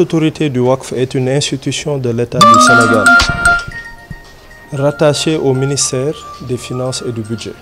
autorité du WACF est une institution de l'État du Sénégal, rattachée au ministère des Finances et du Budget.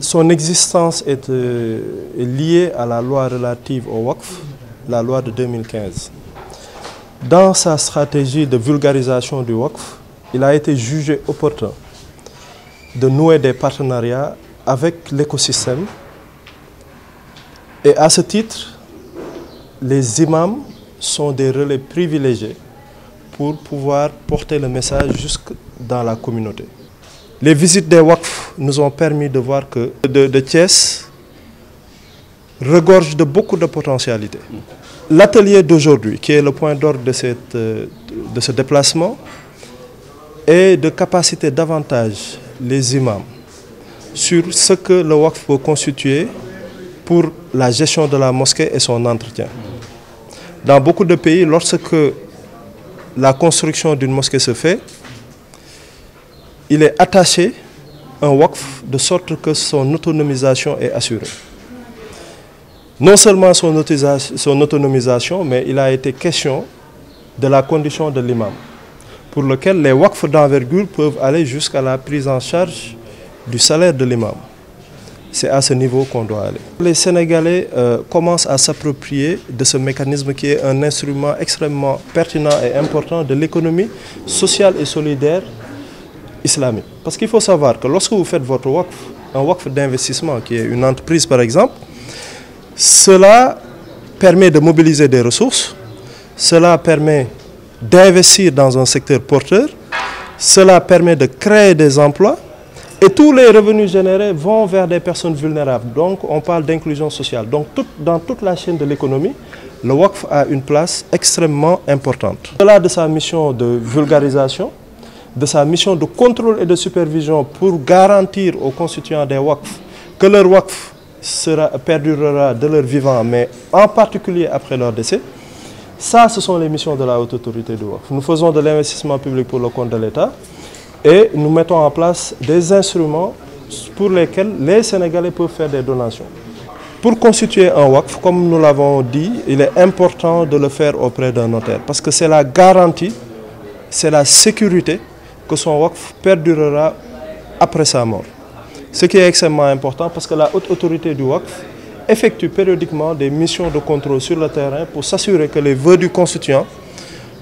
Son existence est, euh, liée à la loi relative au WACF, la loi de 2015. Dans sa stratégie de vulgarisation du WACF, il a été jugé opportun de nouer des partenariats avec l'écosystème et à ce titre, les imams sont des relais privilégiés pour pouvoir porter le message jusque dans la communauté. Les visites des WACF nous ont permis de voir que de, de regorge de beaucoup de potentialités. L'atelier d'aujourd'hui, qui est le point d'ordre de, cette, euh, de ce déplacement, est de capaciter davantage les imams sur ce que le WACF peut constituer pour la gestion de la mosquée et son entretien. Dans beaucoup de pays, lorsque la construction d'une mosquée se fait, il est attaché un WAKF de sorte que son autonomisation est assurée. Non seulement son, autonomisation, mais il a été question de la condition de l'imam, pour lequel les WAKF d'envergure peuvent aller jusqu'à la prise en charge du salaire de l'imam. C'est à ce niveau qu'on doit aller. Les Sénégalais euh, commencent à s'approprier de ce mécanisme qui est un instrument extrêmement pertinent et important de l'économie sociale et solidaire islamique. Parce qu'il faut savoir que lorsque vous faites votre WACF, un WACF d'investissement qui est une entreprise par exemple, cela permet de mobiliser des ressources, cela permet d'investir dans un secteur porteur, cela permet de créer des emplois et tous les revenus générés vont vers des personnes vulnérables. Donc, on parle d'inclusion sociale. Donc, dans toute la chaîne de l'économie, le WACF a une place extrêmement importante. Au-delà de sa mission de vulgarisation, de sa mission de contrôle et de supervision pour garantir aux constituants des WACF que leur WACF perdurera de leur vivant, mais en particulier après leur décès, ça, ce sont les missions de la haute autorité du WACF. Nous faisons de l'investissement public pour le compte de l'État. Et nous mettons en place des instruments pour lesquels les Sénégalais peuvent faire des donations. Pour constituer un WACF, comme nous l'avons dit, il est important de le faire auprès d'un notaire parce que c'est la garantie, c'est la sécurité que son WACF perdurera après sa mort. Ce qui est extrêmement important parce que la haute autorité du WACF effectue périodiquement des missions de contrôle sur le terrain pour s'assurer que les vœux du constituant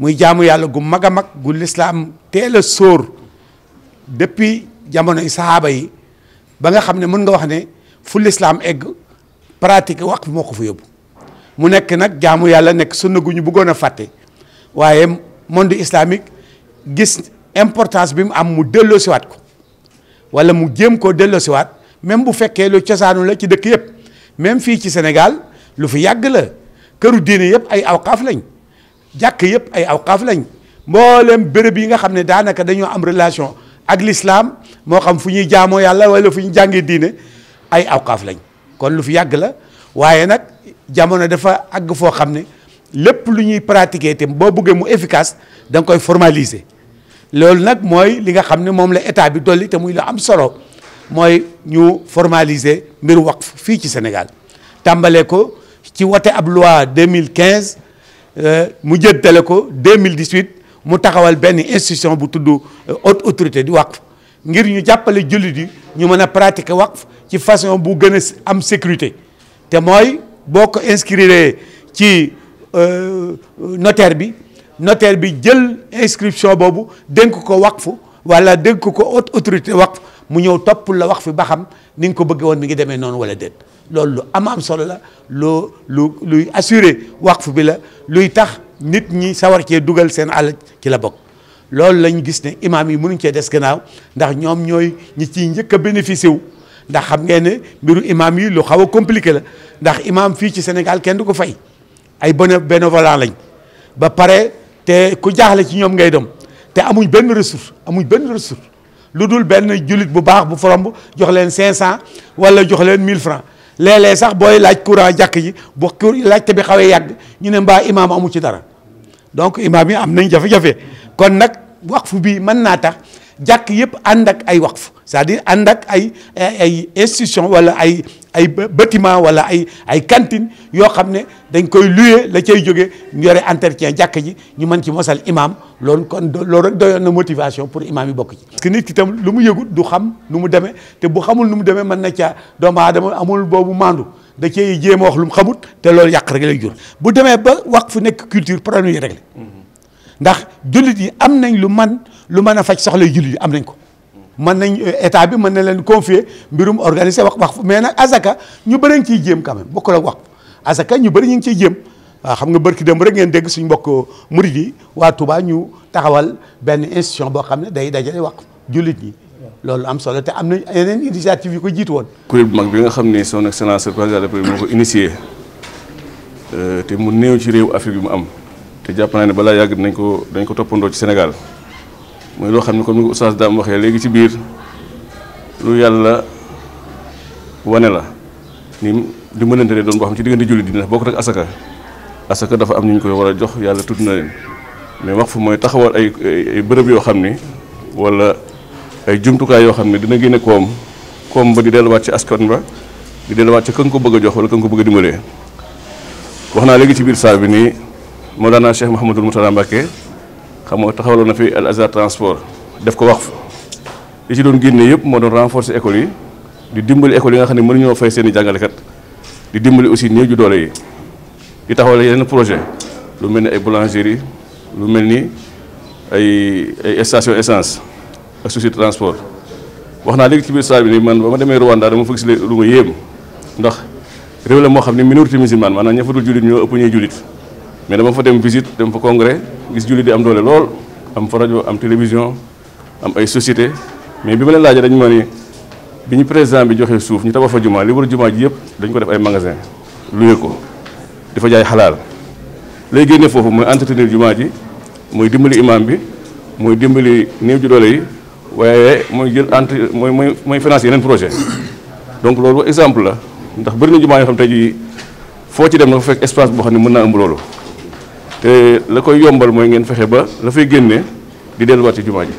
muy jaamu yàlla gu mag a mag gu lislaam teela a sóor depuis jamonoy sahaaba yi ba nga xam ne mën nga wax ne fu lislaam egg pratique wax moo ko fa yóbbu mu nekk nag jaamu yàlla nekk sunna gu ñu bëggoon a fàtte waaye monde islamique gis importance bi mu am mu delloosiwaat ko wala mu jëm koo delloosiwaat même bu fekkee lu cosaanu la ci dëkk yëpp même fii ci Sénégal lu fi yàgg la këru diine yëpp ay aw awqaaf lañ jàkk yëpp ay awqaaf lañ mboolem béréb yi nga xam ne daanaka dañoo am relation ak l'islam moo xam fu ñuy jaamoo yàlla wala fu ñuy jàngee diine ay awqaaf lañ kon lu fi yàgg la waaye nag jamono dafa àgg foo xam ne lépp lu ñuy pratiquer te boo bëggee mu efficace da nga koy formaliser loolu nag mooy li nga xam ne moom la état bi dolli te muy lu am solo mooy ñu formaliser mbir waqf fii ci Sénégal tàmbalee ko ci wote ab loi 2015 Euh, mu jëddale ko 2018 mu taxawal ben institution bu tudd euh, haute autorité di waqf ngir ñu jappalé jullit yi ñu mëna a pratiquer waqf ci façon bu gën am sécurité té moy boko inscrire ci euh, notaire bi notaire bi jël inscription bobu dénk ko waqfu wala dénk ko haute autorité waqf mu ñëw topp la wax fi ba xam ni nga ko bëgg woon mi ngi demee noonu wala déet loolu lu am am solo la loo lu luy assuré waqf bi la luy tax nit ñi sawar cee dugal seen àll ci la bokk loolu lañ gis ne imaam yi mënuñ cee des gannaaw ndax ñoom ñooy ñi ciy njëkk a bénéficié wu ndax xam ngeen ne mbiru imaam yi lu xaw a compliqué la ndax imaam fii ci Sénégal kenn du ko fay ay bon bénévolat lañ ba pare te ku jaaxle ci ñoom ngay dem te amuñ benn ressource amuñ benn ressource ludul ben julit bu baax bu foromb jox len 500 wala jox len 1000 francs léeg-léeg sax boy laaj courant jàkk yi bu kur laajte bi xawee yàgg ñu né mba imam amu ci dara donc imam bi am nañ jafé jafé kon nak waqf bi man na tax jakk yépp andak ay waqf c'est-à-dire andak ay ay institution wala ay ay bâtiment wala ay ay cantine yoo xam ne dañ koy louer la cay jóge ñu yore entretien jàkk ji ñu mën ci mosal imaam loolu kon loolu rek doyoon na motivation pour imam yi bokk ci parce que nit ki tam lu mu yëgut du xam nu mu demee te bu xamul nu mu demee mën na caa doomu aadama amul boobu mandu da cay jéem a wax lu mu xamut te loolu yàq rek lay jur bu demee ba wax fu nekk culture problème yi rek la mm-hmm. ndax jullit yi am nañ lu man lu mën a faj soxla jullit am nañ ko mën nañ euh, état bi mën na leen confier mbirum organiser wax wax mais nag azaka ñu bëri ñu ciy jéem quand même bokkul ak wax azaka ñu bëri ñu ngi ciy jéem waaw xam nga barki dem rek ngeen dégg suñ mbokk murid yi waa tubaa ñu taxawal benn institution boo xam ne day dajale wax jullit ñi loolu am solo te am na yeneen initiative yu ko jiitu woon. kuréel bu mag bi nga xam ne son excellence le président de la République moo euh, te mu néew ci réew Afrique bi mu am te jàpp naa ne balaa yàgg nañ ko dañ ko toppandoo ci Sénégal. mooy loo xam ne comme ni ko oustaz waxee léegi ci biir lu yàlla wane la ni di mënante ne doon boo xam ci diggante jullit dina bokkut ak asaka asaka dafa am ñu ñu koy war a jox yàlla tudd na leen mais wax fu mooy taxawal ay ay bërëb yoo xam ni wala ay jumtukaay yoo xam ne dina génne koom koom ba di delluwaat ci askan ba di delluwaat ci kan ko bëgg a jox wala kan ko bëgg a dimbalee wax naa léegi ci biir saal bi nii moo daanaa Cheikh Mouhamadul Moutala Mbacke xam nga taxawaloon na fi al azhar transport def ko waqf li ci doon génne yëpp moo doon renforcer école yi di dimbali école yi nga xam ne mënuñoo fay seen i jàngalekat di dimbali aussi néew ju doole yi di taxawal yeneen projet lu mel ni ay boulangerie lu mel ni ay ay station essence ak souci transport wax naa léegi ci biir saal bi ni man ba ma demee Rwanda dama fa gis lu ma yéem ndax réew la moo xam ne minorité musulmane maanaam ña dul julit ñoo ëpp ñuy julit mais dama fa dem visite dem fa congrès gis jullit di am doole lool am fa rajo am télévision am ay société mais bi ma leen laajee dañu ma ni bi ñu président bi joxee suuf ñu tabax fa jumaa li war jumaa ji yëpp dañ ko def ay magasin loué ko di fa jaay xalaal lay génne foofu mooy entretenir jumaa ji mooy dimbali imam bi mooy dimbali néew ju doole yi waaye mooy jël entre mooy mooy mooy financer yeneen projet donc loolu exemple la ndax bëri na jumaa yoo xam foo ci dem na fa fekk espace boo xam ne mën naa ëmb loolu te la koy yombal mooy ngeen fexe ba la fay génnee di delluwaat ci jumaa ji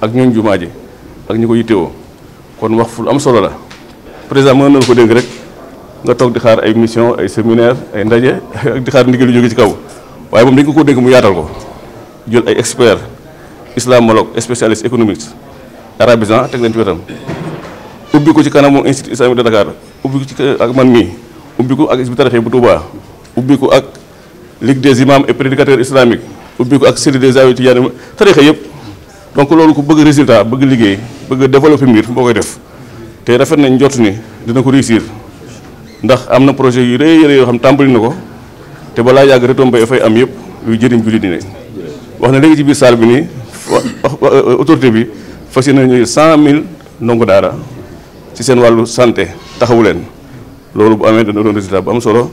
ak ñooñ jumaa ji ak kon wax am solo la président mën na ko dégg rek nga toog di xaar ay mission ay séminaire ay ndaje ak di xaar ndigal yu jóge ci kaw waaye moom dañ ko ko dégg mu yaatal ko jël ay expert islamologue spécialiste économique arabisan teg leen ci wetam ubbi ko ci kanamu institut islamique de dakar ubbi ko ci ak man mii ubbi ko ak isbi bu touba ubbi ko ak ligue des imams et prédicateurs islamiques ubbi ko ak série des awi tidiane tarixa yëpp donc loolu ku bëgg résultat bëgg liggéey bëgg développer mbir boo koy def te rafet nañ njot ni dina ko réussir ndax am na projet yu rëy rëy yoo xam tàmbali na ko te balaa yàgg retombé fay am yëpp luy jëriñ jullit ñi ne wax ne léegi ci biir salle bi nii euh, autorité bi fas yéene ñuy cent mille ndongo daara ci seen wàllu santé taxawu leen loolu bu amee dana doon résultat bu solo